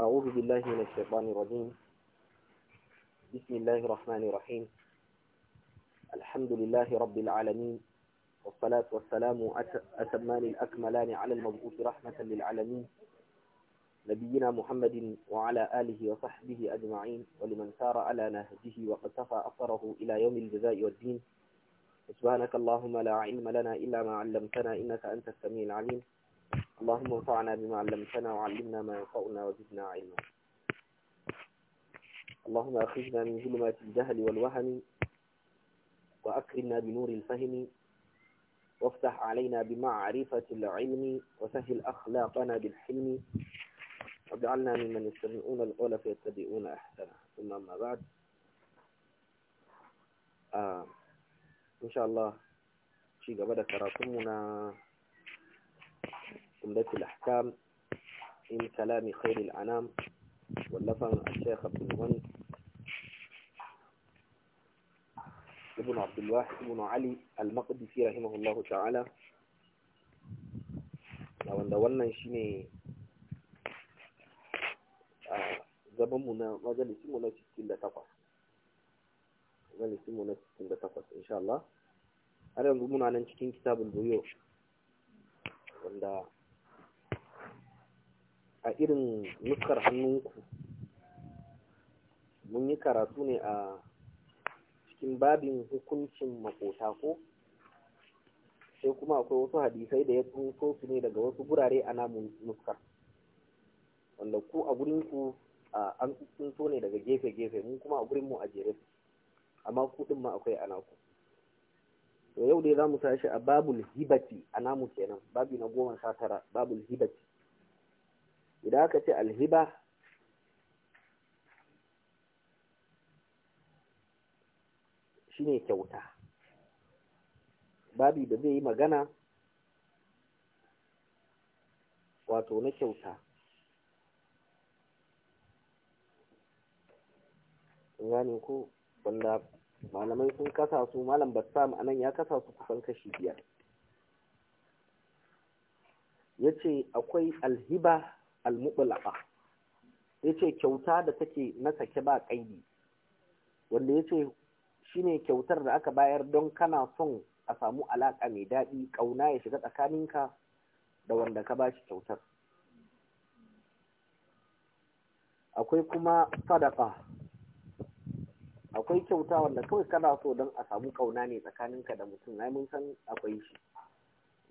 أعوذ بالله من الشيطان الرجيم بسم الله الرحمن الرحيم الحمد لله رب العالمين والصلاة والسلام أتمان الأكملان على المبعوث رحمة للعالمين نبينا محمد وعلى آله وصحبه أجمعين ولمن سار على نهجه واقتفى أثره إلى يوم الجزاء والدين سبحانك اللهم لا علم لنا إلا ما علمتنا إنك أنت السميع العليم اللهم انفعنا بما علمتنا وعلمنا ما ينفعنا وزدنا علما اللهم أخرجنا من ظلمات الجهل والوهم وأكرمنا بنور الفهم وافتح علينا بمعرفة العلم وسهل أخلاقنا بالحلم واجعلنا ممن يستمعون القول فيتبعون أحسن ثم أما بعد آه. إن شاء الله شيء قبل كراتمنا سنة الأحكام من كلام خير الأنام واللفن الشيخ ابن الهن ابن عبد الواحد ابن علي المقدسي رحمه الله تعالى لو أن دولنا نشيني آه، زبن منا ما زال اسمه نفس كل تفاص ما زال اسمه نفس كل تفاص إن شاء الله أنا أقول من على نشكين كتاب البيوت wanda a irin nuskar hannunku mun yi karatu ne a cikin babin hukuncin makota ko sai kuma akwai wasu hadisai da ya tsunso su ne daga wasu gurare a namun nuskar wanda ku a gurinku an tsunso ne daga gefe-gefe mun kuma a gurinmu a jere amma kudin ma akwai a naku to yau dai za mu tashi a babul hibati a namu kenan babi na goma sha tara babul hibati idan aka ce alhiba shine kyauta babi da zai yi magana wato na kyauta gani ko wanda malamai sun kasa su malam bassam anan ya kasa su kusan kashi biyar ya ce akwai alhiba al-mutlaqa yace kyauta da take na sake ba kaidi wanda yace shine kyautar da aka bayar don kana son a samu alaka mai daɗi kauna ya shiga tsakaninka da wanda ka bashi kyautar akwai kuma sadaqa akwai kyauta wanda kawai kana so don a samu kauna ne tsakaninka da mutum na mun san akwai shi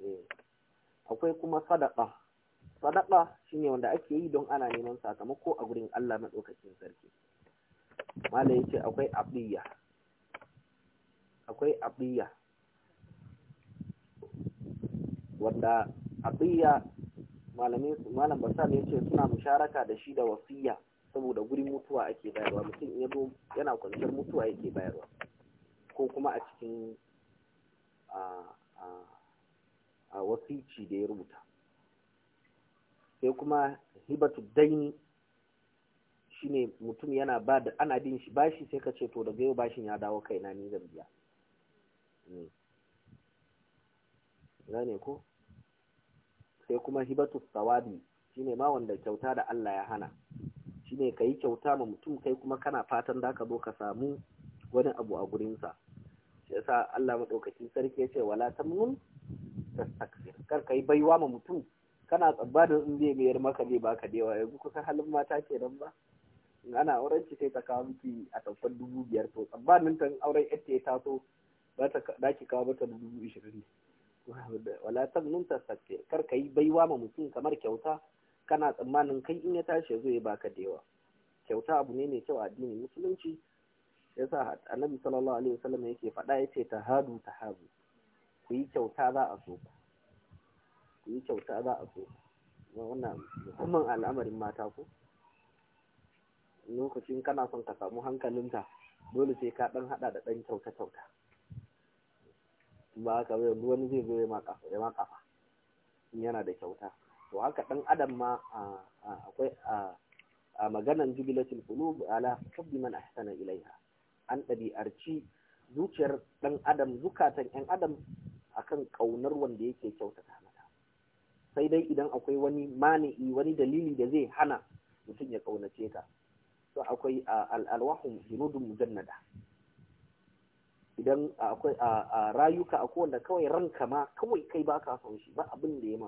eh. akwai kuma sadaqa sadaka shine wanda ake yi don ana neman sakamako a gurin Allah madaukakin sarki mala yace akwai akwai abiya wanda abiya malamin malam basal yace suna musharaka da shi da wasiya saboda gurin mutuwa ake bayarwa mutum ya zo yana kwanciyar mutuwa yake bayarwa ko kuma a cikin a wasici da ya rubuta sai kuma hibatu daini shine mutum yana ba da ana bin shi bashi sai ka ce to daga yau bashin ya dawo kaina ni zan biya hmm. gane ko sai kuma hibatu tsawabi shine ma wanda kyauta da Allah ya hana shine ka yi kyauta ma mutum kai kuma kana fatan da ka zo ka samu wani abu a gurinsa shi yasa Allah maɗaukaki sarki ya ce wala tamnun tastakbir kar ka yi baiwa ma mutum kana tsammanin in zai mayar maka ne baka da yawa yanzu kusan halin mata ke nan ba in ana auren ci sai ta miki a tamfar dubu biyar to tsammanin ta auren yadda ya taso za ki kawo mata dubu ishirin ne wala nun ta kar ka yi baiwa ma mutum kamar kyauta kana tsammanin kai in ya tashi ya zo ya baka da kyauta abu ne mai kyau a addinin musulunci yasa annabi sallallahu alaihi wasallam yake faɗa ya yace ta tahadu ku yi kyauta za a so ku yi kyauta za a so wannan musamman al'amarin mata ko lokacin kana son ka samu hankalinta dole sai ka dan hada da dan kyauta kyauta ba ka bai wani zai zo ya ma kafa yana da kyauta to haka dan adam ma akwai a maganan jubilatul qulub ala hubbi man ahsana ilaiha an ɗabi'arci zuciyar ɗan adam zukatan yan adam akan ƙaunar wanda yake kyautata sai dai idan akwai wani mani'i wani dalili da zai hana mutum ya kaunace ka to akwai al'alwahun junudun mujannada idan akwai a rayuka a wanda kawai ranka ma kawai kai ba ka son shi ba abin da ya ma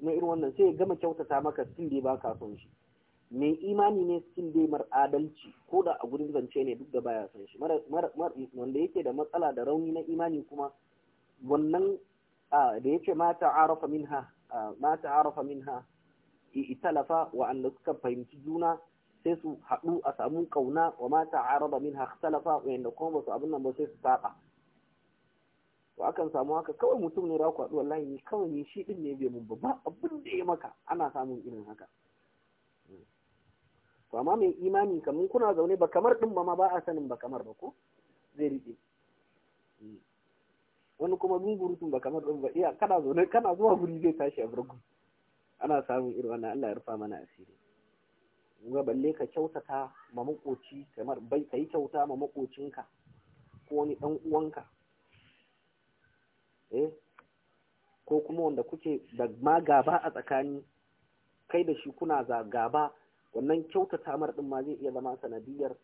kuma irin wannan sai ya gama kyautata maka cikin dai ba ka son shi mai imani ne cikin dai mar adalci ko da a gurin zance ne duk da baya son shi wanda yake da matsala da rauni na imani kuma wannan da yake mata arafa minha ma ta'arafa minha italafa wa'anda suka fahimci juna sai su haɗu a samu ƙauna wa ma ta'araba minha ikhtalafa wa'anda kuma basu su abin nan ba sai su saba to akan samu haka kawai mutum ne raku haɗu wallahi ni kawai ni shi din ne bai mun ba abin da ya maka ana samun irin haka to amma mai imani kamar kuna zaune ba kamar ɗin ba ma ba a sanin ba kamar ba ko zai riƙe wani kuma gungurutun ba kamar ɗin ba iya kana zaune kana zuwa guri zai tashi a burgu ana samun irin wannan Allah ya rufa mana asiri ga balle ka kyautata ma makoci kamar bai kai kyauta ma makocinka ko wani dan uwanka eh ko kuma wanda kuke da ma gaba a tsakani kai da shi kuna za gaba wannan kyautata mar din ma zai iya zama sanadiyar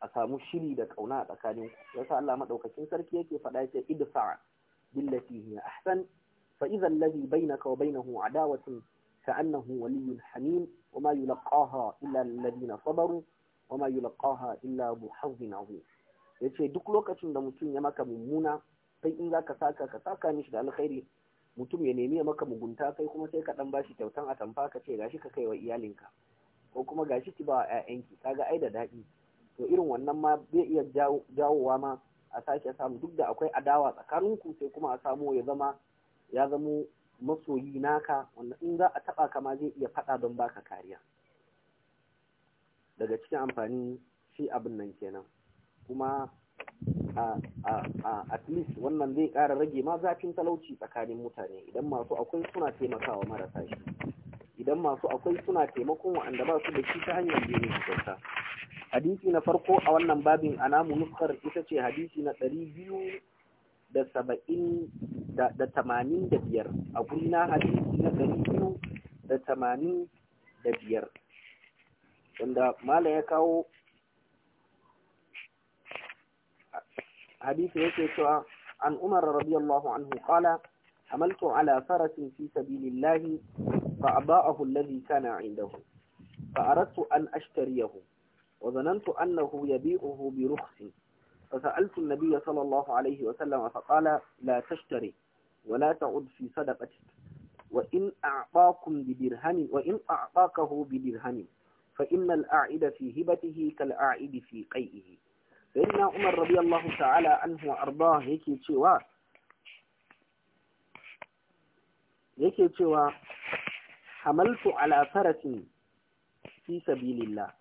a samu shiri da kauna a tsakanin ku sa Allah madaukakin sarki yake faɗa yace idfa billati hiya ahsan fa idha alladhi bainaka wa bainahu adawatun annahu waliyyun hamim wa ma yulqaha illa alladhina sabaru wa ma yulqaha illa bu hazzin azim yace duk lokacin da mutum ya maka mummuna sai in zaka saka ka saka mishi da alkhairi mutum ya nemi ya maka mugunta kai kuma sai ka dan bashi kyautan atamfa ka ce gashi ka kai wa iyalinka ko kuma gashi ki ba wa kaga ai da daɗi to irin wannan ma zai iya jawowa ma a sake samu duk da akwai adawa tsakaninku sai kuma a samu ya zama ya zamo masoyi naka wanda in za a taba ka ma zai iya faɗa don baka kariya daga cikin amfani shi abin nan kenan kuma at least wannan zai ƙara rage ma zafin talauci tsakanin mutane idan masu akwai suna taimakawa marasa shi idan masu akwai suna taimakon wa'anda ba su da shi ta hanyar da kyauta hadisi na farko a wannan babin anamu nuskar ita ce hadisi na ɗari biyu da saba'in da tamanin da biyar a gurina hadisi na ɗari biyu da tamanin da biyar wanda mala ya kawo hadisi yake cewa an umar radiyallahu anhu qala amaltu ala farasin fi sabilillahi fa aba'ahu alladhi kana indahu fa aradtu an ashtariyahu وظننت أنه يبيعه برخص فسألت النبي صلى الله عليه وسلم فقال لا تشتري ولا تعد في صدقتك وإن أعطاكم بدرهم وإن أعطاكه بدرهم فإن الأعد في هبته كالأعد في قيئه فإن عمر رضي الله تعالى عنه وأرضاه هيك تشوى هيك تشوى حملت على فرس في سبيل الله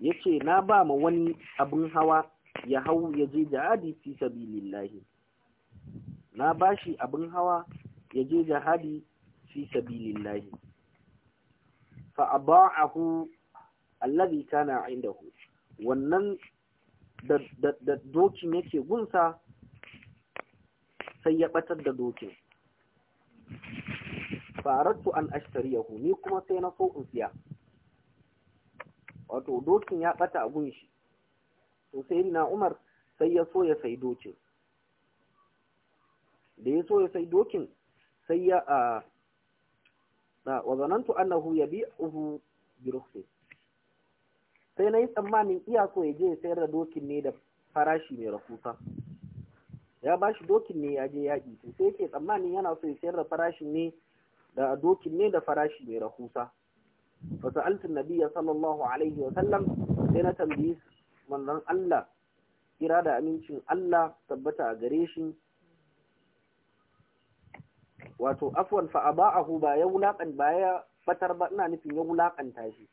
ya ce na ba ma wani abin hawa ya hau ya je jihadi fi sabilillahi na ba shi abin hawa ya je jihadi fi sabilillahi fa na allazi kana ku, wannan da dokin yake gunsa sai ya batar da dokin faratu an ashtariyahu ni kuma sai na so in siya wato dokin ya bata a gunshi to sai na umar sai ya so ya sai dokin da ya so ya sai dokin sai ya a da wazanantu annahu yabi'uhu bi rukhsah sai na yi tsammanin iya so ya je ya sayar da dokin ne da farashi mai rahusa ya ba shi dokin ne ya je yaƙi to sai yake tsammanin yana so ya sayar da farashin ne da dokin ne da farashi mai rahusa fa sa'altu sallallahu alaihi wa sallam sai na tambayi manzon Allah kira da amincin Allah tabbata a gare wato afwan fa aba'ahu ba ya wulakan ba ya fatar ba ina nufin ya wulakanta shi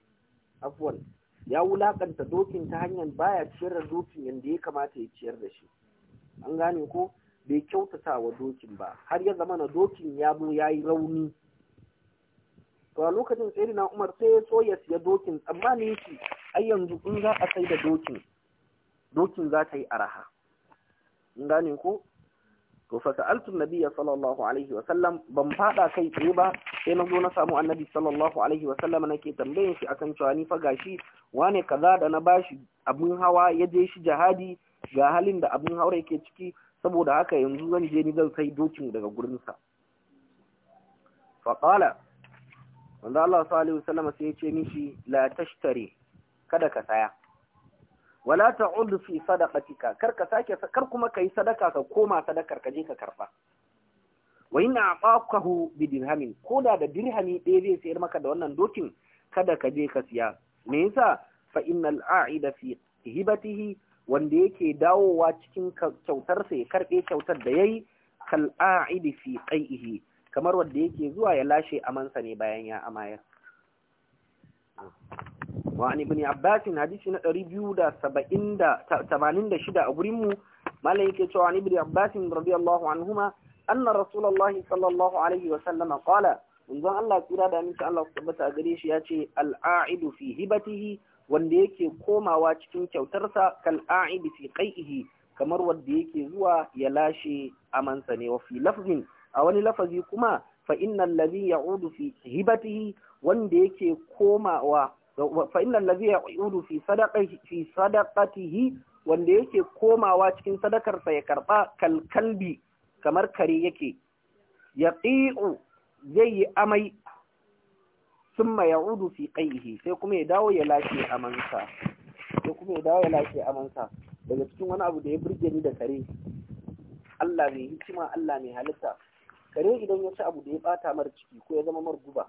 afwan ya wulaƙanta dokin ta hanyar baya ciyar da dokin yanda ya kamata ya ciyar da shi an gane ko bai kyautata wa dokin ba har ya zama na dokin ya zo ya yi rauni to a lokacin sai na umar sai ya so ya siya dokin ne shi ai yanzu in za a sai da dokin dokin za ta yi araha in gane ko to fa sa'altu nabi sallallahu alaihi wa sallam ban fada kai tsaye ba sai na zo na samu annabi sallallahu alaihi wa sallam nake tambayin shi akan cewa ni fa gashi wane kaza da na bashi abun hawa ya je shi jihadi ga halin da abun haure yake ciki saboda haka yanzu zan je ni zan sai dokin daga gurinsa fa qala wanda Allah sallallahu Alaihi sai ya ce mishi la tashtari kada ka saya wala ta'ud fi sadaqatika kar ka sake kar kuma kai sadaka ka koma sadakar ka je ka karfa wa inna aqaqahu bi dirhamin koda da dirhami ɗaya zai sayar maka da wannan dokin kada ka je ka siya me yasa fa innal a'ida fi hibatihi wanda yake dawowa cikin kyautar sa ya karbe kyautar da yayi kal a'idi fi qaihi kamar wadda yake zuwa ya lashe amansa ne bayan ya amayar wa'ani ibn abbasin hadisi na shida a gurinmu malai yake cewa wani bin abbasin radiyallahu anhuma anna rasulullahi sallallahu alaihi wa sallam qala manzon Allah tsira da aminci Allah tabbata a gare shi ya ce al'a'idu fi hibatihi wanda yake komawa cikin kyautarsa kal a'idu fi kaiihi kamar wadda yake zuwa ya lashe amansa ne wa fi lafzin a wani lafazi kuma fa innal ladhi ya'udu fi hibatihi wanda yake komawa fa innal ladhi ya'udu fi sadaqati fi sadaqatihi wanda yake komawa cikin sadakarsa ya karba kalkalbi kamar kare yake yaqi'u zai yi amai summa ya'udu fi qayhi sai kuma ya dawo ya lashe amansa sai kuma ya dawo ya lashe amansa daga cikin wani abu da ya burge ni da kare Allah mai hikima Allah mai halitta kare idan ya ci abu da ya bata mara ciki ko ya zama mar guba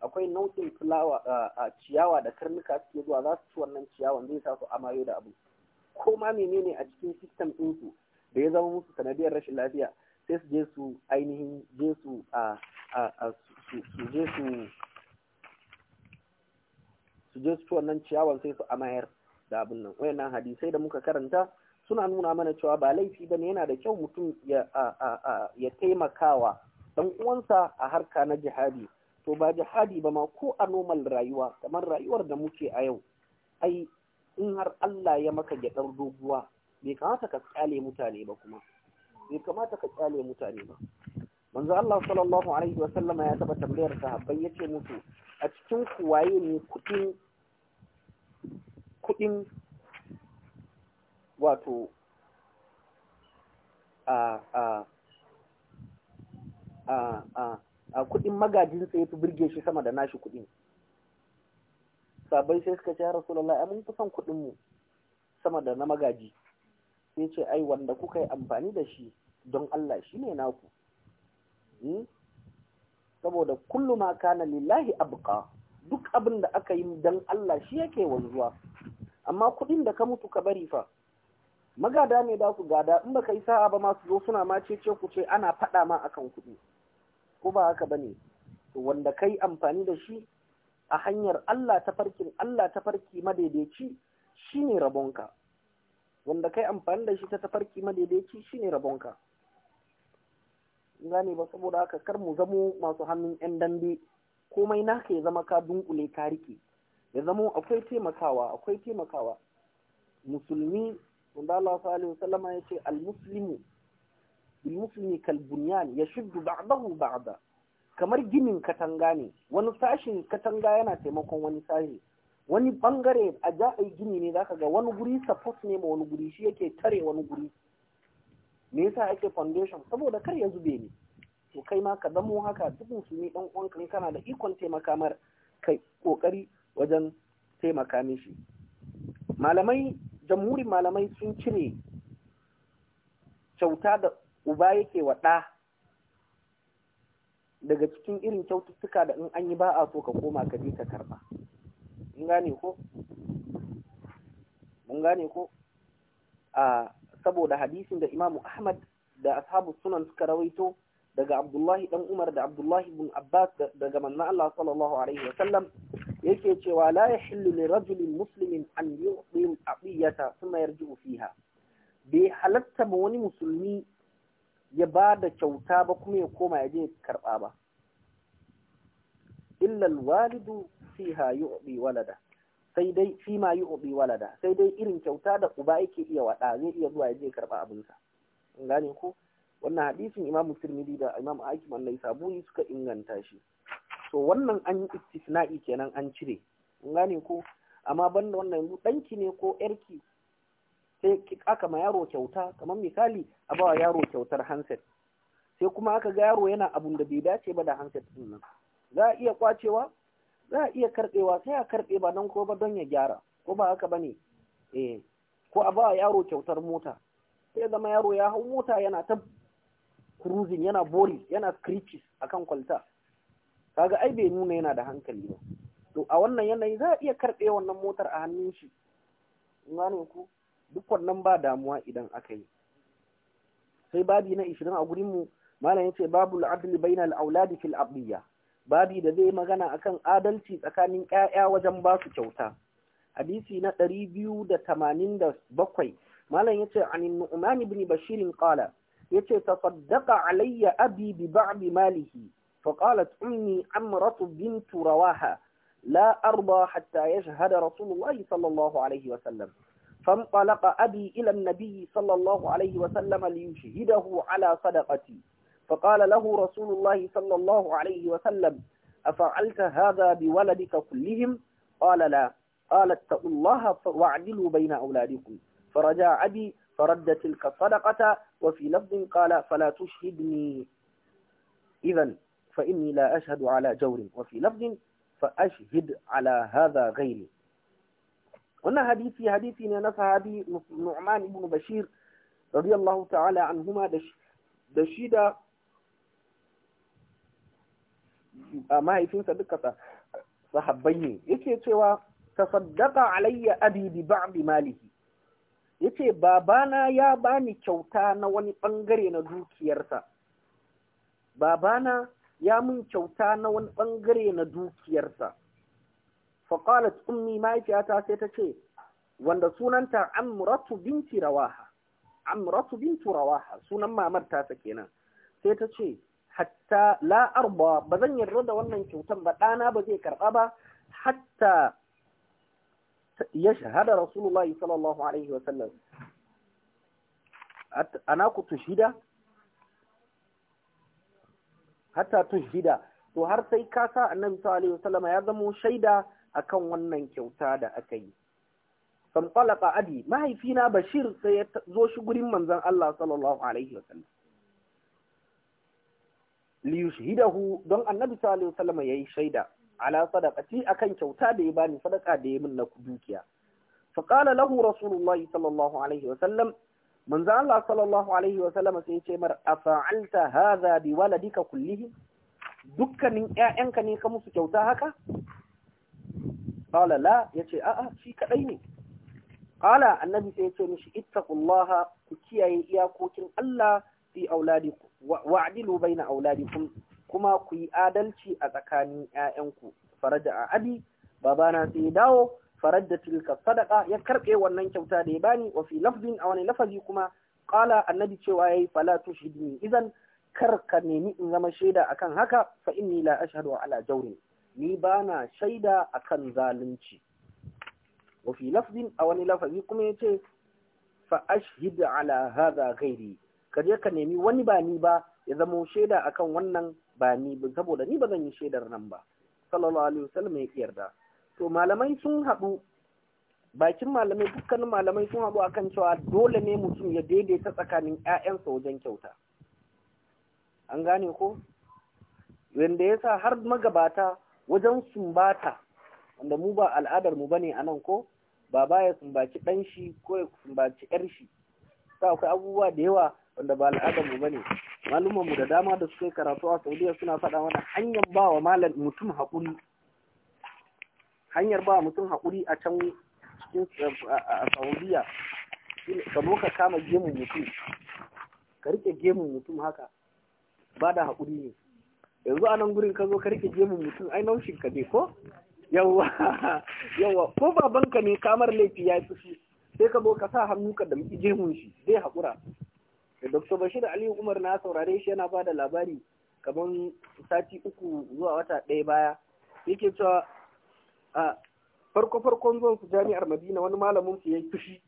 akwai nau'in fulawa a ciyawa da karnuka suke zuwa za su ci wannan ciyawan zai sa su amayo da abu ko ma menene a cikin system ɗinsu da ya zama musu sanadiyar rashin lafiya sai su je su ainihin je su a su je su su je su ci wannan ciyawan sai su amayar da abin nan wayannan hadisai da muka karanta suna nuna mana cewa ba laifi ba ne yana da kyau mutum ya taimakawa dan uwansa a harka na jihadi to ba jihadi ba ma ko a normal rayuwa kamar rayuwar da muke a yau ai in har Allah ya maka gyaɗar doguwa bai kamata ka kyale mutane ba kuma bai kamata ka kyale mutane ba manzo Allah sallallahu alaihi wa sallama ya taba tambayar sahabbai yace musu a cikin ku waye ne kudin kudin wato a a a a a kudin magajin sai fi birge shi sama da nashi kudin sabai sai suka ce rasulullah amin fi kusan kudin mu sama da na magaji sai ce ai wanda kuka yi amfani da shi don Allah shi ne naku hmm? saboda kullu ma kana lillahi abqa duk abin da aka yi don Allah shi yake wanzuwa amma kudin da ka mutu ka bari fa magada ne da ku gada in baka yi sa'a ba masu zo suna ma ce ku ce ana faɗa ma akan kuɗi ko ba haka bane wanda kai amfani da shi a hanyar Allah ta farkin Allah ta farki madaidaici shine rabonka wanda kai amfani da shi ta tafarki madaidaici shine rabonka gane ba saboda haka kar mu zamo masu hannun yan dambe komai naka ya zama ka dunkule ka rike ya zamo akwai taimakawa akwai taimakawa musulmi wanda Allah Salama ya ce al-muslimu al-muslimi kal bunyan yashuddu kamar ginin katanga ne wani sashin katanga yana taimakon wani sashi wani bangare a ja gini ne zaka ga wani guri support ne ma wani guri shi yake tare wani guri me yasa ake foundation saboda kar ya zube ne to kai ma ka zamo haka duk musulmi dan uwan kan kana da ikon taimaka mar kai kokari wajen taimaka mishi malamai jamhurin malamai sun cire kyauta da uba yake waɗa daga cikin irin kyaututtuka da in an yi ba a so ka koma ka je ka karba mun gane ko mun gane ko a saboda hadisin da imamu ahmad da ashabu sunan suka rawaito daga abdullahi dan umar da abdullahi bin abbas daga manna allah sallallahu alaihi wasallam yake cewa la ya hillu li rajulin muslimin an yu'ti a'biyata su mayar yarji'u fiha bai halatta ba wani musulmi ya ba da kyauta ba kuma ya koma ya je ba illa walidu fiha yu'ti walada sai dai fi ma yu'ti walada sai dai irin kyauta da uba yake iya wada zai iya zuwa ya je karba abinsa gane ko wannan hadisin Imam Tirmidhi da Imam Hakim na naisaburi suka inganta shi to wannan an yi istisna'i kenan an cire in gane ko amma banda wannan yanzu danki ne ko yarki sai ki aka ma yaro kyauta kamar misali a bawa yaro kyautar handset sai kuma aka ga yaro yana abun da bai dace ba da handset din nan za a iya kwacewa za a iya karbewa sai a karbe ba nan ko ba don ya gyara ko ba haka bane eh ko a bawa yaro kyautar mota sai zama yaro ya hau mota yana ta cruising yana bori yana screeches akan kwalta kaga ai bai nuna yana da hankali ba to a wannan yanayi za a iya karɓe wannan motar a hannun shi gane ku duk wannan ba damuwa idan aka yi sai babi na 20 a gurin mu malam yace babu al'adli bainal auladi fil abdiyya babi da zai magana akan adalci tsakanin 'ya'ya wajen ba su kyauta hadisi na ɗari biyu da 287 malam yace anin nu'man ibn bashir qala yace tafaddaqa alayya abi bi ba'd malihi فقالت أمي عمرة بنت رواحة لا أرضى حتى يشهد رسول الله صلى الله عليه وسلم فانطلق أبي إلى النبي صلى الله عليه وسلم ليشهده على صدقتي فقال له رسول الله صلى الله عليه وسلم أفعلت هذا بولدك كلهم قال لا قالت اتقوا الله واعدلوا بين أولادكم فرجع أبي فرد تلك الصدقة وفي لفظ قال فلا تشهدني إذا فإني لا أشهد على جور وفي لفظ فأشهد على هذا غيري wannan hadisi hadisi ne na sahabi Nu'man ibn Bashir radiyallahu ta'ala anhuma da shi da mahaifinsa duka sahabbai ne yake cewa tasaddaqa alayya abi bi ba'd malihi yace babana ya bani kyauta na wani bangare na dukiyarsa babana ya mun kyauta na wani bangare na dukiyarsa fakalat ummi mahaifiyata sai ta ce wanda sunanta amratu binti rawaha amratu binti rawaha sunan mamar tasa kenan sai ta ce hatta la arba ba zan yarda da wannan kyautan ba ɗana ba zai karɓa ba hatta ya shahada rasulullahi sallallahu alaihi wasallam ana ku tushida hatta tushida to har sai ka sa annabi sallallahu alaihi wasallam ya zama shaida akan wannan kyauta da aka yi fan talaqa adi, mahaifina bashir sai ya zo shi gurin manzon Allah sallallahu alaihi wasallam li yushidahu don annabi sallallahu alaihi wasallam yayi shaida ala sadaqati akan kyauta da ya bani sadaka da ya min na dukiya fa qala lahu rasulullahi sallallahu alaihi wasallam manzo Allah sallallahu alaihi wa sallama sai ce mar afa'alta hadha bi ka kullihim dukkanin ƴaƴanka ne ka musu kyauta haka qala la yace a'a shi kadai ne qala annabi sai yace mishi ittaqullaha ku kiyaye iyakokin Allah fi auladikum wa'dilu baina auladikum kuma kuyi adalci a tsakanin ƴaƴanku faraja a abi babana sai dawo faradda tilka sadaka, ya karɓe wannan kyauta da ya bani wa fi lafzin a wani lafazi kuma qala annabi cewa yayi Falatu tushidni idan kar ka nemi in zama shaida akan haka fa inni la ashhadu ala jawrin ni bana shaida akan zalunci wa fi lafzin a wani lafazi kuma yace fa ashhid ala hadha ghairi ka je ka nemi wani ba ni ba ya zama shaida akan wannan ba ni saboda ni ba zan yi shaidar nan ba sallallahu alaihi wasallam ya yarda to malamai sun haɗu bakin malamai dukkanin malamai sun haɗu akan cewa dole ne mutum ya daidaita tsakanin 'ya'yansa wajen kyauta an gane ko wanda ya sa har magabata wajen sumbata wanda mu ba al'adar mu bane anan ko baba ya sumbaci ɗan shi ko ya sumbaci ƴar shi sa akwai abubuwa da yawa wanda ba al'adar mu bane malumanmu da dama da suka karatu a Saudiya suna faɗa mana hanyar ba wa malam mutum haƙuri hanyar ba mutum haƙuri a can cikin eh, saudiya ka zo ka kama gemun mutum ka riƙe gemun mutum haka ba da haƙuri ne yanzu a nan gurin ka zo ka riƙe gemun mutum ai naushin ka ne ko yawa yawa ko babanka ne kamar laifi ya fi shi sai ka zo ka sa hannu ka da gemun shi zai haƙura da dr bashir ali umar na saurare shi yana ba da labari kamar sati uku zuwa wata ɗaya baya yake cewa a farko farkon zuwan su jami'ar madina wani malamin su yayi fushi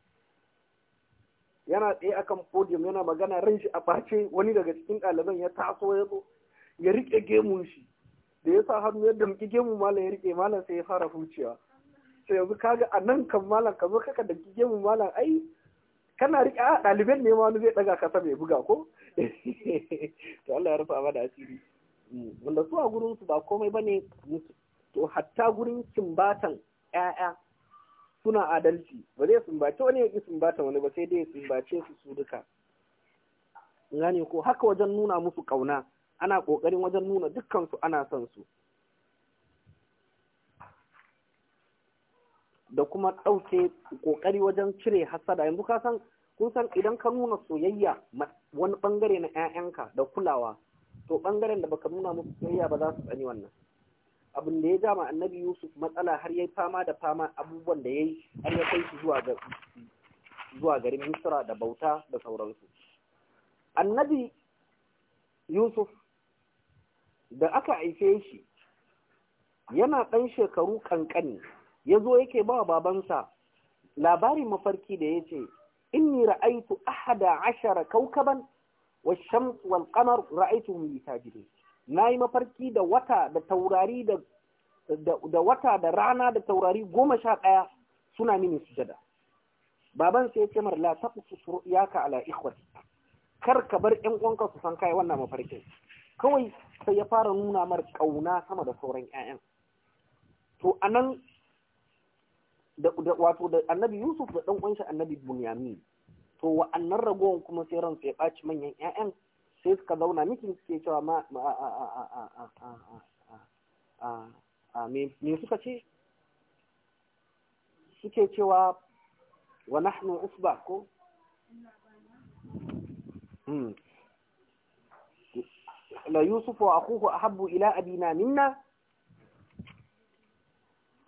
yana tsaye akan podium yana magana ran shi a bace wani daga cikin ɗaliban ya taso ya zo ya rike gemun shi da ya sa hannu yadda muke gemu malam ya rike malam sai ya fara hucewa sai yanzu kaga a nan kan malam ka zo kaka damƙi gemun malam ai kana riƙe a ɗaliban ne wani zai ɗaga kasa mai buga ko to Allah ya rufa mana asiri mm, wanda su a gurin su ba komai bane to hatta gurin sumbatan ƴaƴa suna adalci ba zai sumbace wani ya ƙi sumbata wani ba sai dai ya sumbace su su duka gane ko haka wajen nuna musu ƙauna ana ƙoƙarin wajen nuna dukkansu ana son su da kuma ɗauke ƙoƙari wajen cire hasada yanzu ka san kun san idan ka nuna soyayya wani ɓangare na 'ya'yanka da kulawa to ɓangaren da baka nuna musu soyayya ba za su tsani wannan abin da ya gama annabi yusuf matsala har ya fama da fama abubuwan da ya yi har ya kai su zuwa garin misra da bauta da sauransu annabi yusuf da aka haife shi yana ɗan shekaru ƙanƙani ya zo yake ba babansa labari mafarki da ya ce inni ra'aitu ahada ashara kaukaban wa shams wal qamar ra'aituhum li na yi mafarki da wata da taurari da da wata da rana da taurari goma sha ɗaya suna mini sujada baban sai ya ce mara la ya ru'yaka ala kar ka bar ƴan uwanka su san kai wannan mafarkin kawai sai ya fara nuna mar ƙauna sama da sauran ƴaƴan to nan da wato da annabi Yusuf da ɗan uwansa annabi Bunyamin to wa'annan ragowar kuma sai ran ya ɓaci manyan ƴaƴan sai suka zauna miki suke cewa ma a me suka ce suke cewa wa nahnu usba ko hmm. la yusuf wa akuhu ahabbu ila abina minna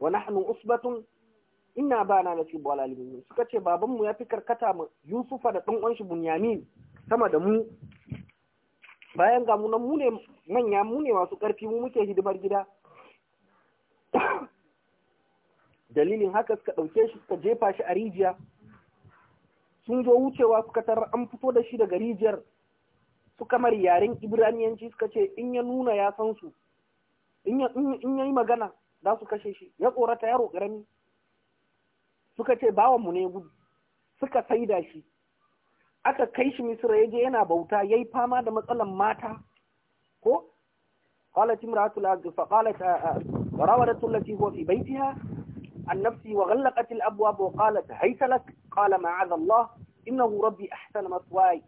wa nahnu usbatun inna bana la fi dalalin suka ce babanmu ya fi karkata mu yusufa da dan uwan shi bunyamin sama da mu bayan ga munan mu manya mu ne masu ƙarfi mu muke hidimar gida dalilin haka suka ɗauke shi suka jefa shi a rijiya sun zo wucewa suka tarar an fito da shi daga rijiyar su kamar yaren ibraniyanci suka ce in ya nuna ya san su in ya yi magana za su kashe shi ya tsorata yaro roƙarami suka ce bawanmu ne gudu suka saida shi aka kai shi misra ya je yana bauta yayi fama da matsalan mata ko ah, ah, qalat imra'atul aziz fa qalat وراودته التي هو في بيتها عن نفسي وغلقت الأبواب وقالت هيت لك قال معاذ الله إنه ربي أحسن مثواي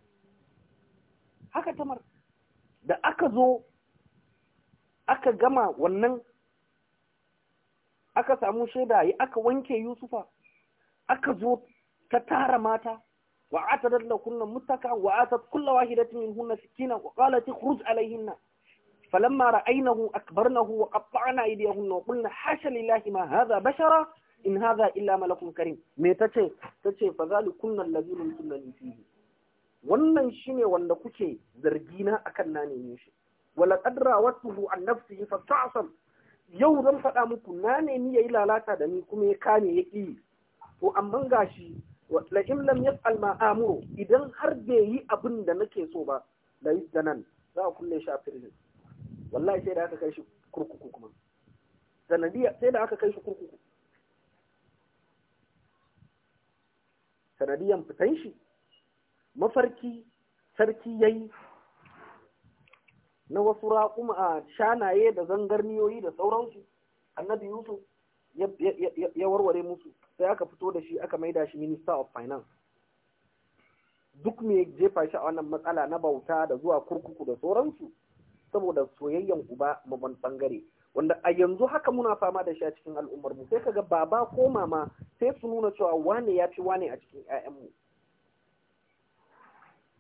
haka tamar da aka zo aka gama wannan aka samu shaida aka wanke yusufa aka zo ta tara mata وعتدت لهن متكئا وآتت كل واحدة منهن سكينا وقالت اخرج عليهن فلما رأينه أكبرنه وقطعنا أيديهن وقلنا حاشا لله ما هذا بشرا إن هذا إلا ملك كريم me tace tace fa zalikunna allazina kuntum wannan shine wanda kuke zargina akan na ne shi wala qadra watuhu an nafsihi fasta'sam yau zan faɗa muku na ne ni yayi lalata da ni kuma ya kame ya ki to amma gashi la in lam yaf'al ma amuru idan har bai yi abin da nake so ba da yi da nan za a kulle shi a firin wallahi sai da aka kai shi kurkuku kuma sanadiya sai da aka kai shi kurkuku sanadiyan fitan shi mafarki sarki yayi na wasu raƙuma a shanaye da zangarniyoyi da sauransu annabi yusuf ya warware musu sai aka fito da shi aka maida shi minister of finance duk me jefa shi a wannan matsala na bauta da zuwa kurkuku da sauransu saboda soyayyen uba babban bangare wanda a yanzu haka muna fama da shi a cikin al'ummar mu sai kaga baba ko mama sai su nuna cewa wane ya fi wane a cikin mu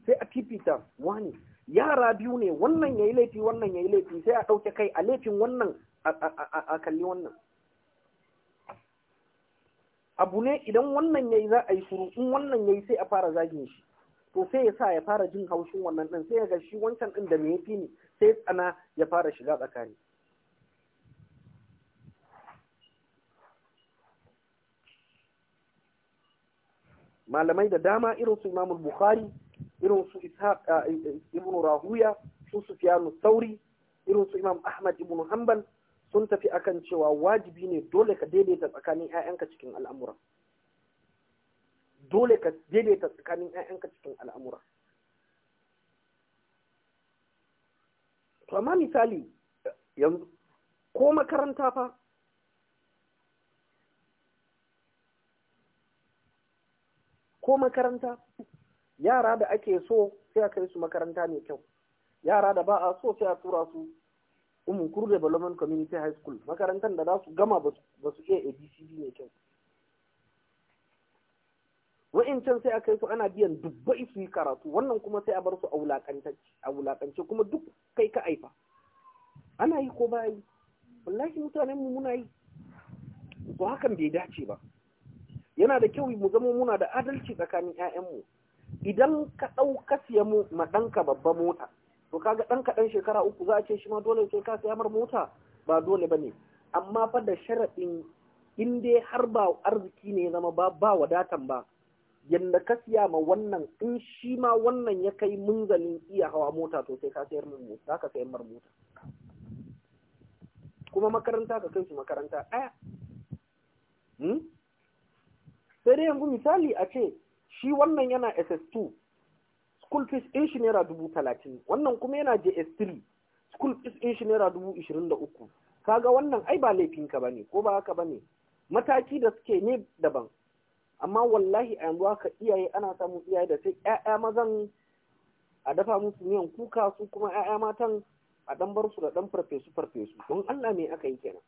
sai a fifita wane yara biyu ne wannan yayi laifi wannan yayi laifi sai a ɗauke kai a laifin wannan a kalli wannan abu ne idan wannan yayi za a yi shuru in wannan yayi sai a fara zagin shi to sai ya sa ya fara jin haushin wannan din sai ya ga shi wancan din da me yafi ne sai tsana ya fara shiga tsakani malamai da dama irin su imamu Bukhari irin su Ishaq eh, eh, ibn Rahuya su Sufyan Thauri irin su Imam Ahmad ibn Hanbal sun tafi akan cewa wajibi ne dole ka daidaita tsakanin 'ya'yanka cikin al'amura dole ka daidaita tsakanin 'ya'yanka cikin al'amura to amma misali yanzu ko makaranta fa ko makaranta yara da ake so sai a kai su makaranta mai kyau yara da ba a so sai a tura su Umukur Development Community High School makarantar da za su gama ba su iya ABCD ne kyau. Wa'incan sai a kai su ana biyan dubbai su yi karatu wannan kuma sai a bar su a wulakance kuma duk kai ka aifa. Ana yi ko ba wallahi mutanen mu muna yi. ba hakan bai dace ba. Yana da kyau mu zama muna da adalci tsakanin 'ya'yanmu. Idan ka ɗauka siya mu ma ɗanka babba mota, to kaga dan kaɗan shekara uku za a ce shi ma dole sai ka saya mar mota ba dole bane amma fa da sharadin in dai har ba arziki ne ya zama ba ba wadatan ba yanda ka siya ma wannan in shi ma wannan ya kai munzalin iya hawa mota to sai ka sayar mun mota za ka sayar mar mota kuma makaranta ka kai shi makaranta ɗaya hmm? sai dai yanzu misali a ce shi wannan yana SS2 school fees in shi naira dubu talatin wannan kuma yana js3 school fees in shi naira dubu ishirin da uku kaga wannan ai ba laifinka ba ne ko ba haka ba ne mataki da suke ne daban amma wallahi a yanzu haka iyaye ana samun iyaye da sai ƴaƴa mazan a dafa musu miyan kuka su kuma ƴaƴa matan a dan bar su da dan farfesu farfesu don Allah me aka yi kenan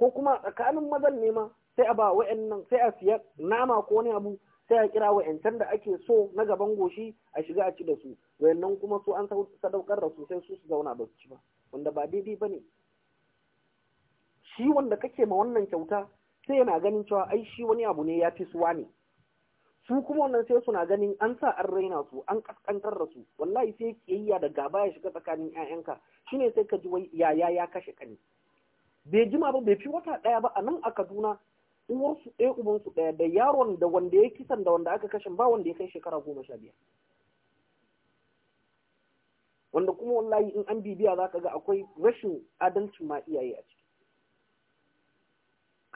ko kuma tsakanin mazan ne ma sai a ba wa'annan sai a siya nama ko wani abu sai a kira wa'yancan da ake so na gaban goshi a shiga a ci da su wayannan kuma su an sadaukar da su sai su su zauna ba su ci ba wanda ba daidai ba ne shi wanda kake ma wannan kyauta sai yana ganin cewa ai shi wani abu ne ya fi suwa ne su kuma wannan sai suna ganin an sa an raina su an kaskantar da su wallahi sai kiyayya da gaba ya shiga tsakanin ƴaƴanka ne sai ka ji wai yaya ya kashe kani bai jima ba bai fi wata ɗaya ba a nan a Kaduna uwansu ɗaya ubansu ɗaya da yaron da wanda ya kisan da wanda aka kashe ba wanda ya kai shekara goma sha biyar wanda kuma wallahi in an bibiya za ka ga akwai rashin adalcin ma iyaye a ciki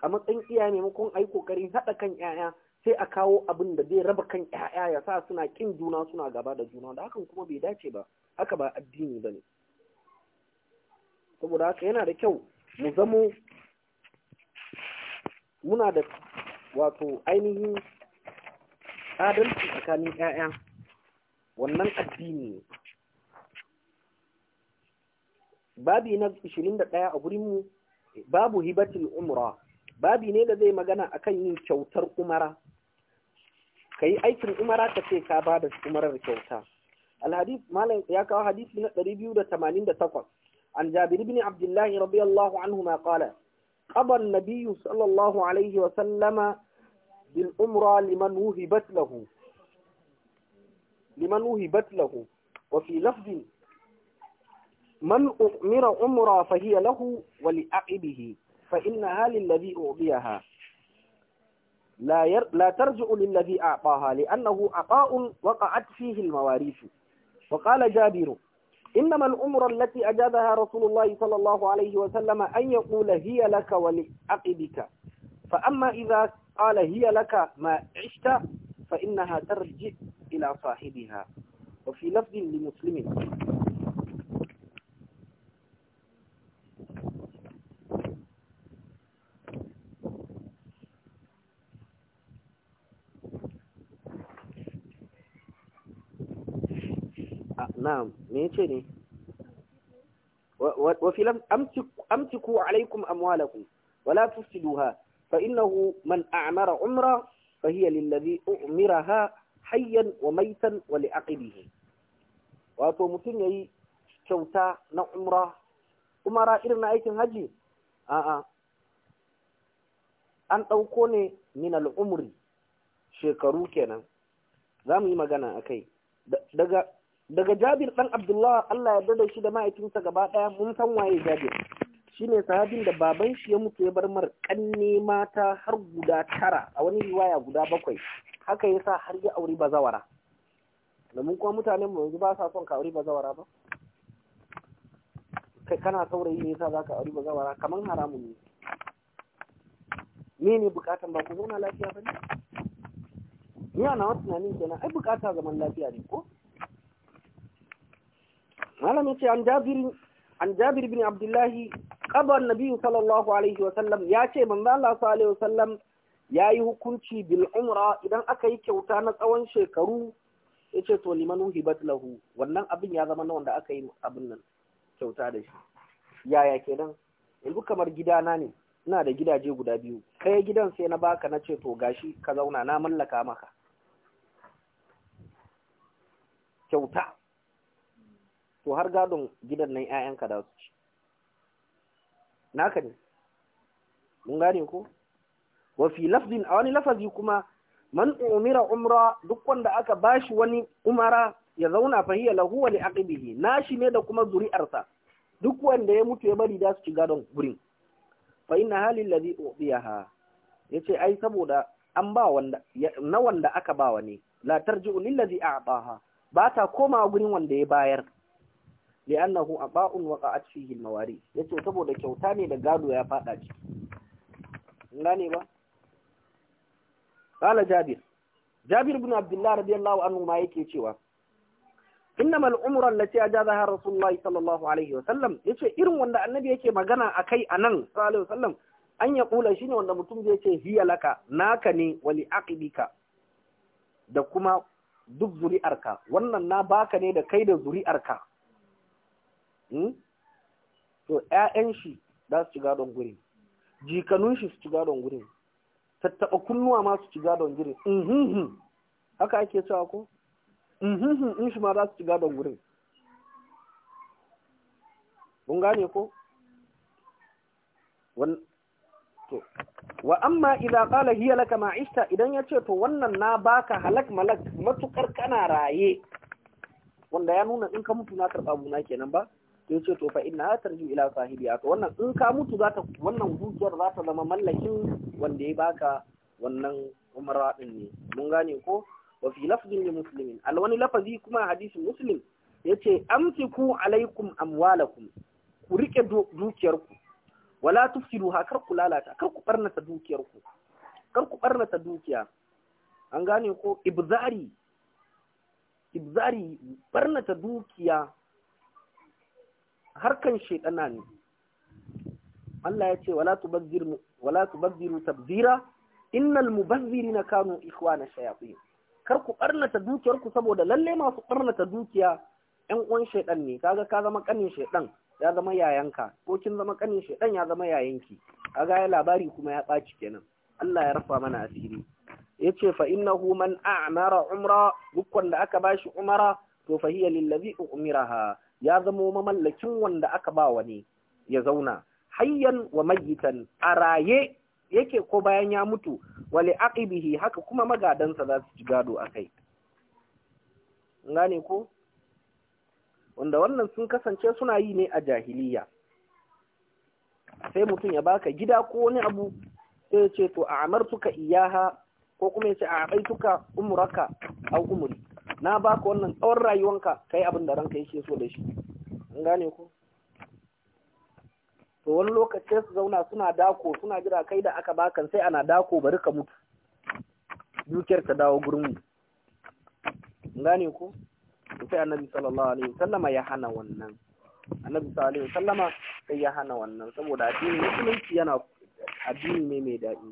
a matsayin iyaye maimakon a yi ƙoƙarin haɗa kan 'ya'ya sai a kawo abin da zai raba kan 'ya'ya ya sa suna ƙin juna suna gaba da juna da hakan kuma bai dace ba haka ba addini ba ne saboda haka yana da kyau mu zamo muna da wato ainihin adalci tsakanin ƴaƴa wannan addini ne babi na 21 a gurinmu babu hibatul umra babi ne da zai magana akan yin kyautar umara ka yi aikin umara ka ce ka ba da umarar kyauta alhadis malam ya kawo hadisi na 288 an jabir bin abdullahi radiyallahu anhu ma qala قضى النبي صلى الله عليه وسلم بالأمرة لمن وهبت له لمن وهبت له وفي لفظ من أمر أمرا فهي له ولأعبه فإنها للذي أعطيها لا, ير... لا ترجع للذي أعطاها لأنه عطاء وقعت فيه المواريث وقال جابر إنما الأمر التي أجابها رسول الله صلى الله عليه وسلم أن يقول هي لك ولعقبك فأما إذا قال هي لك ما عشت فإنها ترجع إلى صاحبها وفي لفظ لمسلم na'am me yace ne wa fi lam amtiku alaikum amwalakum wala tufsiduha fa innahu man a'mara umra fa hiya lilladhi umiraha hayyan wa maitan wa li'aqibihi wato mutum yayi kyauta na umra umara irin na aikin haji a'a an ɗauko ne min umri shekaru kenan za mu yi magana a kai daga daga Jabir dan Abdullah Allah ya dada shi da ma'aikinsa gaba daya mun san waye Jabir ne sahabin da baban shi ya mutu ya bar mar kanne mata har guda tara a wani riwaya guda bakwai haka ya sa har ya auri bazawara domin kuma mutanen mu yanzu ba sa son ka auri bazawara ba kai kana saurayi ne yasa zaka auri bazawara kaman haramun ne me ne bukatan ba ku zauna lafiya bane ni ana wasu tunanin kenan ai bukata zaman lafiya ne ko malam yace an jabir an jabir bin abdullahi kabar nabi sallallahu alaihi wa sallam ya manzo Allah sallallahu alaihi wa sallam yayi hukunci bil umra idan aka yi kyauta na tsawon shekaru yace to liman uhibat lahu wannan abin ya zama na wanda aka yi abin nan kyauta da shi yaya kenan yanzu kamar gidana ne ina da gidaje guda biyu kai gidan sai na baka na ce to gashi ka zauna na mallaka maka kyauta to har gadon gidan nan 'ya'yanka da su ci naka ne mun gane ko wa fi lafzin a wani lafazi kuma man umira umra duk wanda aka bashi wani umara ya zauna hiya lahu wa li'aqibihi nashi ne da kuma zuri'arsa duk wanda ya mutu ya bari da su ci gadon gurin fa inna halil ladhi ubiyaha yace ai saboda an ba wanda na wanda aka ba wani la tarji'u lil ladhi a'taha ba ta koma gurin wanda ya bayar li'annahu aba'un waqa'at fihi al-mawari yace saboda kyauta ne da gado ya fada ciki ngane ba qala jabir jabir ibn abdullah radiyallahu anhu ma yake cewa Inna al-umra allati ajazaha rasulullahi sallallahu alaihi wa sallam yace irin wanda annabi yake magana akai anan sallallahu alaihi wa sallam an ya shi ne wanda mutum zai ce hiya naka ne wali aqibika da kuma duk zuri'arka wannan na baka ne da kai da zuri'arka Hmm? to ƴaƴan shi za su ci gadon gurin jikanun shi su ci gadon gurin tattaɓa kunnuwa ma su ci gadon gurin mhm haka ake cewa ko mhm in shi ma za su ci gadon gurin mun gane ko to wa amma idza qala hiya laka ma'ishta idan yace to wannan na baka halak malak matukar kana raye wanda ya nuna in ka mutu na karba buna kenan ba sai ce to fa inna tarju ila sahibiya to wannan in ka mutu zata wannan dukiyar zata zama mallakin wanda ya baka wannan umra din ne mun gane ko wa fi lafzin li muslimin al wani lafazi kuma hadisi muslim yace amsiku alaikum amwalakum ku rike dukiyar ku wala tufsidu ha kar ku lalata kar ku barnata dukiyar ku kar ku barnata dukiya an gane ko ibzari ibzari barnata dukiya harkan shedana ne Allah ya ce wala tubazziru wala tubazziru tabzira innal mubazzirina kanu ikhwana shayatin kar ku barnata dukiyar ku saboda lalle masu barnata dukiya ɗan uwan shedan ne kaga ka zama kanin shedan ya zama yayanka ko kin zama kanin shedan ya zama yayanki kaga ya labari kuma ya tsaci kenan Allah ya rafa mana asiri yace fa innahu man a'mara umra dukkan da aka bashi umara to fa hiya lillazi umiraha ya zamo mamallakin wanda aka ba wani ya zauna hayyan wa mayitan a raye yake ko bayan ya mutu wale aqibihi haka kuma magadansa za su ji gado a kai gane ko wanda wannan sun kasance suna yi ne a jahiliya sai mutum ya baka gida ko wani abu sai ya ce to a amartuka iyaha ko kuma ya ce a abaituka umraka au umri na ba ka wannan tsawon rayuwanka kai abin da ranka yake so da shi an gane ko to wani lokaci su zauna suna dako suna jira kai da aka baka sai ana dako bari ka mutu dukiyar ta dawo gurin mu gane ko sai annabi sallallahu alaihi wasallama ya hana wannan annabi sallallahu alaihi wasallama sai ya hana wannan saboda addini musulunci yana addini ne mai daɗi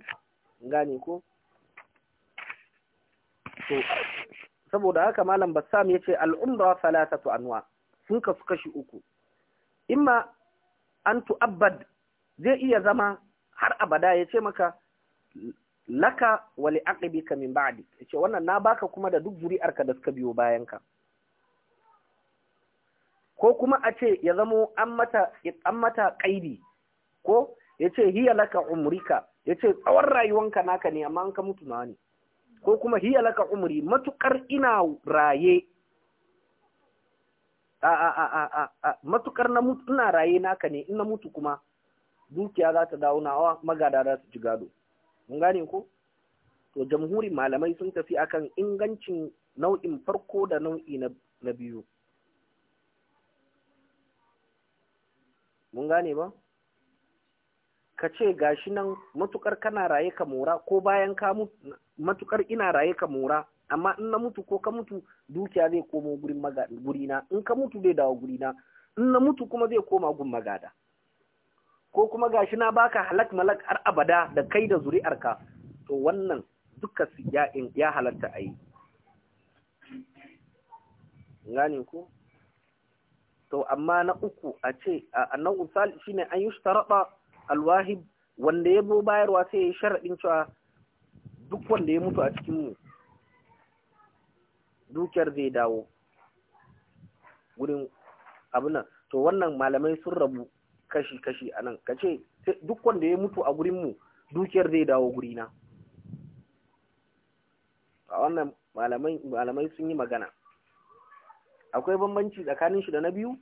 gane ko to saboda haka malam bassam ya ce al'umra salatatu anwa sun kasu kashi uku imma an tu'abbad zai iya zama har abada ya ce maka laka wa ka min ba'di yace wannan na baka kuma da duk zuri'arka da suka biyo bayanka ko kuma a ce ya zamo an mata ƙa'idi? mata qaidi ko yace hiya laka umrika yace tsawon rayuwanka naka ne amma an ka mutu na ne ko kuma hiya laka umri matukar ina raye a a a a a matukar na mutu ina raye naka ne in na mutu kuma dukiya za ta dawo nawa magada za su ji gado mun gane ko to jamhuri malamai sun tafi akan ingancin nau'in farko da nau'i na biyu mun gane ba ka ce gashi nan matukar kana raye ka mora ko bayan ka mutu matukar ina raye ka mora amma in na mutu ko ka mutu dukiya zai komo gurin gurina in ka mutu zai dawo gurina in na mutu kuma zai koma gun magada ko kuma gashi na baka halak malak har abada da kai da zuri'arka to wannan duka ya ya halatta a yi gane ko to amma na uku a ce annan usal shine an yi alwahib wanda ya bo bayarwa sai ya yi sharaɗin cewa duk wanda ya mutu a cikinmu dukiyar zai dawo wurin abinan to wannan malamai sun rabu kashi-kashi a nan ka ce duk wanda ya mutu a gurinmu dukiyar zai dawo gurina a wannan malamai sun yi magana akwai bambanci tsakanin shi da na biyu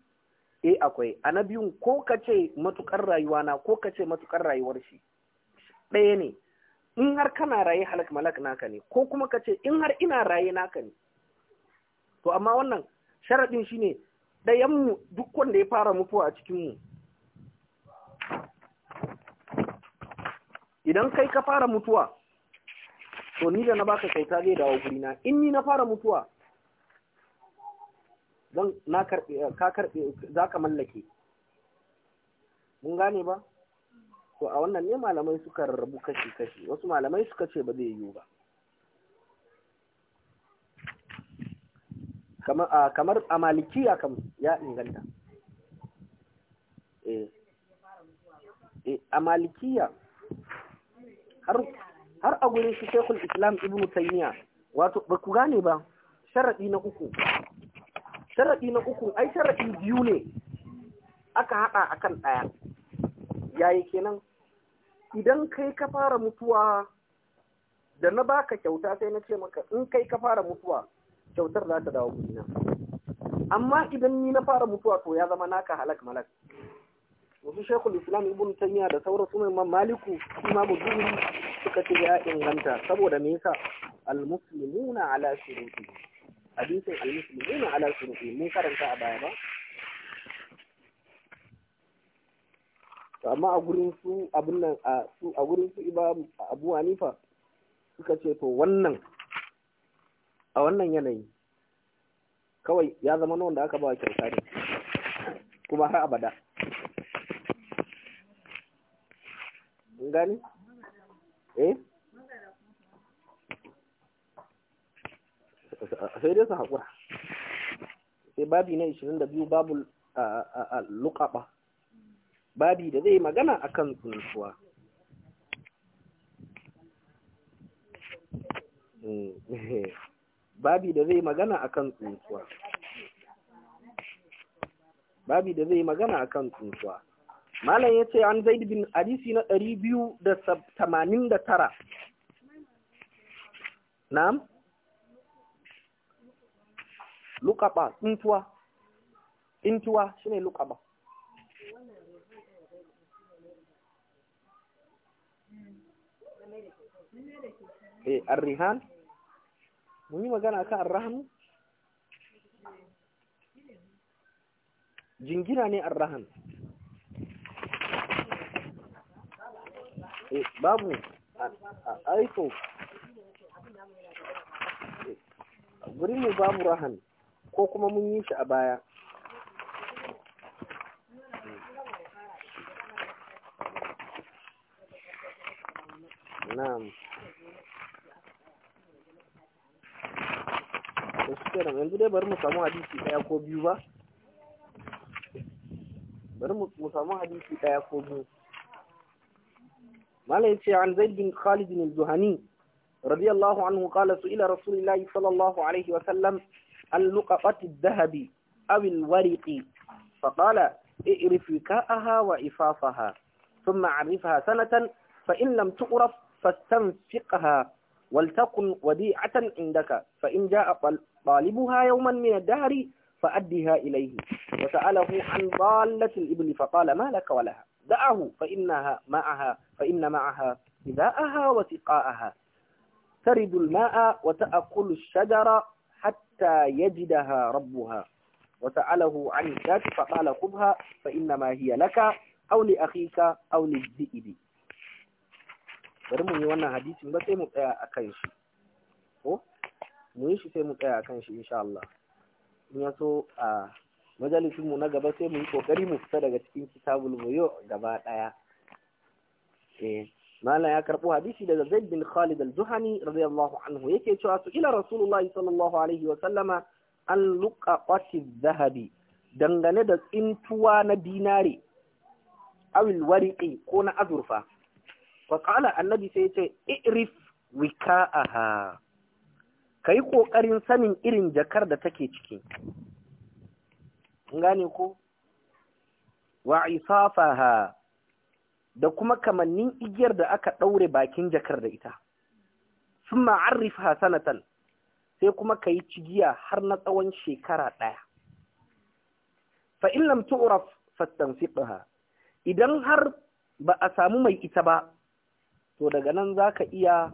E akwai a na biyun ko ka ce matukar rayuwa na ko ka ce matukar rayuwar shi ɗaya ne in har kana raye halak malak naka ne ko kuma ka ce in har ina raye naka ne to amma wannan sharaɗin shine ɗayanmu duk wanda ya fara mutuwa a cikin mu. idan kai ka fara mutuwa to ni da na baka ta zai dawo gurina in ni na fara mutuwa zan na karbe ka karbe za ka mallake mun gane ba to a wannan ne malamai suka rarrabu kashi-kashi wasu malamai suka ce ba zai yiwu ba kamar a malikiya kam ya inganta eh. Eh, a malikiya har a gurin shi shekul islam ibn taymiya wato ba ku gane ba sharaɗi na uku sharaɗi na uku ai sharaɗi biyu ne aka haɗa akan ɗaya yayi kenan idan kai ka fara mutuwa da na baka kyauta sai na ce maka in kai ka fara mutuwa kyautar za ta dawo gudina amma idan ni na fara mutuwa to ya zama naka halak malak wasu shekul islam ibn taymiya da sauran su mai maliku mu zuhri suka ce ya inganta saboda me yasa al na ala shuruti hadisin al ala shuruti mun karanta a baya ba to amma a gurin su abin nan a su a gurin su imam abu hanifa suka ce to wannan a wannan yanayi kawai ya zama na wanda aka ba kyauta ne kuma har abada gani eh sai dai su haƙura sai babi na 22 babu lukaba babi da zai magana akan tsuntuwa hmm. babi da zai magana akan tsuntuwa babi da zai magana akan tsuntuwa malam ya ce an zaid bin Alisi na ɗari biyu da tamanin da tara na'am lukaba tsuntuwa shi ne lukaba eh arrihan mun yi magana akan arrahan jingina ne arrahan eh babu aiko gurin eh, mu babu rahan ko kuma mun yi shi a baya hmm. na'am kusikira yanzu dai bari mu samu hadisi daya ko biyu ba bari mu samu hadisi daya رضي الله عنه قال سئل رسول الله صلى الله عليه وسلم اللقطة الذهب أو الورق فقال اعرف كاءها وإفافها ثم عرفها سنة فإن لم تعرف فاستنفقها ولتكن وديعة عندك فإن جاء طالبها يوما من الدهر فأدها إليه وسأله عن ضالة الإبل فقال ما لك ولها دعه فإنها معها فإن معها إذاءها وسقاءها ترد الماء وتأكل الشجر حتى يجدها ربها وسأله عن الشاة فقال خذها فإنما هي لك أو لأخيك أو للذئب bari mu yi wannan hadisi ba sai mu tsaya a kan shi ko mu yi shi sai mu tsaya a kan shi insha Allah in ya so a majalisin mu na gaba sai mu yi kokari mu fita daga cikin kitabul buyo gaba daya eh malam ya karbo hadisi daga Zaid bin Khalid al zuhani radiyallahu anhu yake cewa su ila Rasulullahi sallallahu alaihi wa sallama an luqaqati zahabi dangane da tsintuwa na dinare awil wariqi ko na azurfa faƙala annabi sai ce irif wika'aha ka yi ƙoƙarin sanin irin jakar da take ciki gane ko wa isafaha da kuma kamannin igiyar da aka ɗaure bakin jakar da ita sun ma'arrifa sanatan sai kuma ka yi cigiya har na tsawon shekara ɗaya fa'in lam tu'raf fattan idan har ba a samu mai ita ba to daga nan za ka iya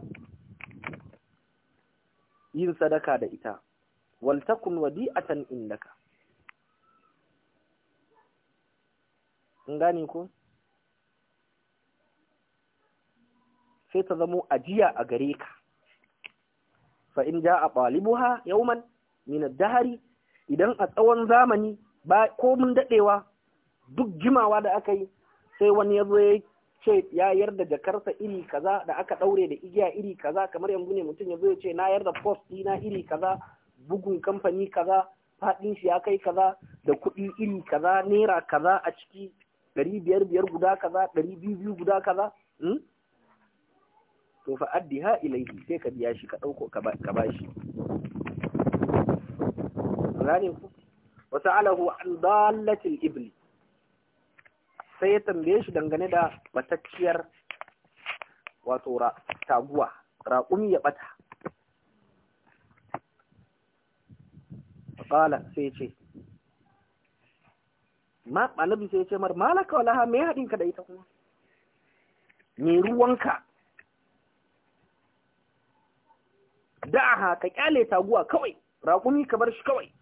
yin sadaka da ita waltakun wadi'atan indaka in gani ko sai ta zamo ajiya a gare ka fa in ja a ɓalibuha yauman minar dahari idan a tsawon zamani ba komin daɗewa duk jimawa da aka yi sai wani ya zo ya ce ya yarda jakarsa iri kaza da aka daure da igiya iri kaza kamar yanzu ne mutum ya zo ya ce na yarda post dina iri kaza bugun kamfani kaza faɗin shi ya kai kaza da kuɗi iri kaza naira kaza a ciki ɗari biyar biyar guda kaza ɗari biyu biyu guda kaza hmm? to fa ha ilaihi sai ka biya shi ka ɗauko ka ba shi alahu an dalatin ibli sai ya tambaye shi dangane da batacciyar wato taguwa raƙumi ya bata ƙala sai ya ce ma annabi sai ce mar malaka walaha me haɗin ka da ita kuma me ruwanka Da da'aha ka ƙyale taguwa kawai raƙumi ka bar shi kawai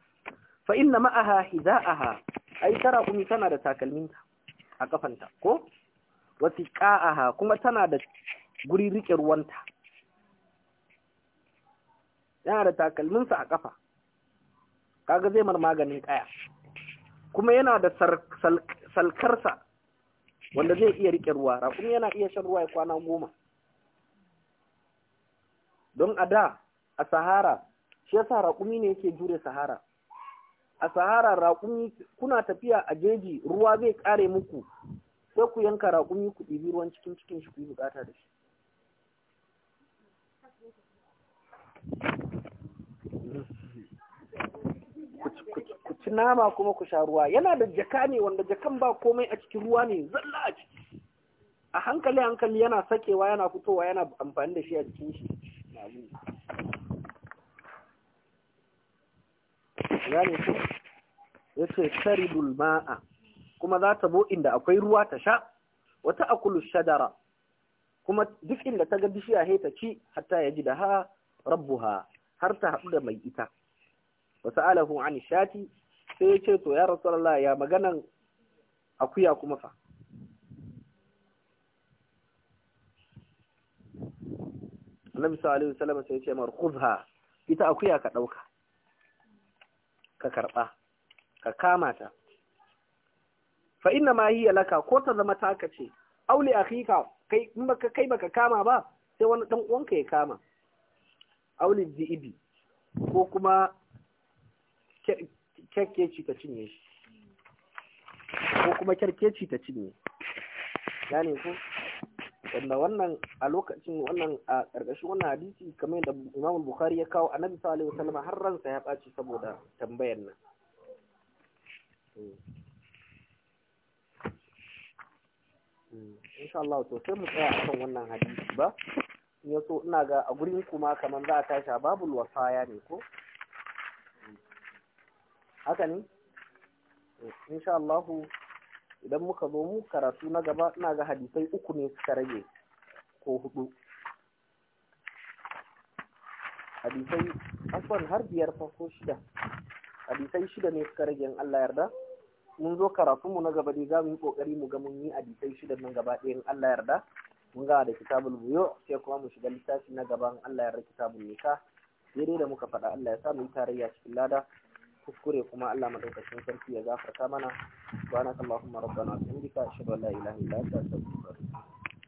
fa na ma'aha a yi ta raƙumi tana da takalminta a kafanta ko Wasiƙa ka'aha kuma tana da guri rike ruwanta yana da takalminsa a kafa kaga zai mar maganin kaya kuma yana da salkarsa wanda zai iya rike ruwa raƙumi yana iya shan ruwa ya kwana goma don a da a sahara shi yasa raƙumi ne yake jure sahara a sahara raƙumi kuna tafiya a jeji ruwa zai ƙare muku sai ku yanka raƙumi ku ɗibi ruwan cikin cikin shi ku yi bukata da shi ku ci nama kuma ku sha ruwa yana da jaka ne wanda jakan ba komai a cikin ruwa ne zalla a ciki a hankali hankali yana sakewa yana fitowa yana amfani da shi a jikin shi gane ku ya taribul ma'a kuma za ta bo inda akwai ruwa ta sha wata akulu shadara kuma duk inda ta ga bishiya he ta ci hatta ya ji da ha rabbuha har ta haɗu da mai ita wasu alahu an shati sai ya ce to ya rasulullahi ya maganan akuya kuma fa Annabi sallallahu alaihi wasallam sai ya ce mar khudha ita akuya ka dauka ka karɓa ka kama ta fa inna ma hiya laka ko ta zama taka ce auli akhika kai in baka kai baka kama ba sai wani dan ka ya kama auli zibi ko kuma kyarkeci ta cinye shi ko kuma kyarkeci ta cinye gane ko wanda wannan a lokacin wannan a ƙarƙashin wannan hadisi kamar yadda Imam Bukhari ya kawo Annabi sallallahu alaihi wasallam har ransa ya ɓaci saboda tambayar nan insha Allah to sai mu tsaya akan wannan hadisi ba ya so ina ga a gurin kuma kaman za a tashi babul wasaya ne ko haka ne insha Allah idan muka zo mu karatu na gaba ina ga hadisai uku ne suka rage ko hudu hadisai afwan har biyar fa ko shida hadisai shida ne suka rage in Allah yarda mun zo karatu mu na gaba dai za mu yi kokari mu ga mun yi hadisai shida nan gaba ɗaya in Allah yarda mun ga da kitabul buyu sai kuma mu shiga littafi na gaba in Allah yarda kitabul nika. dai da muka faɗa Allah ya sa mu yi tarayya cikin lada kuskure kuma Allah madaukakin sarki ya gafarta mana subhanakallahumma rabbana bihamdika ashhadu an la ilaha illa anta astaghfiruka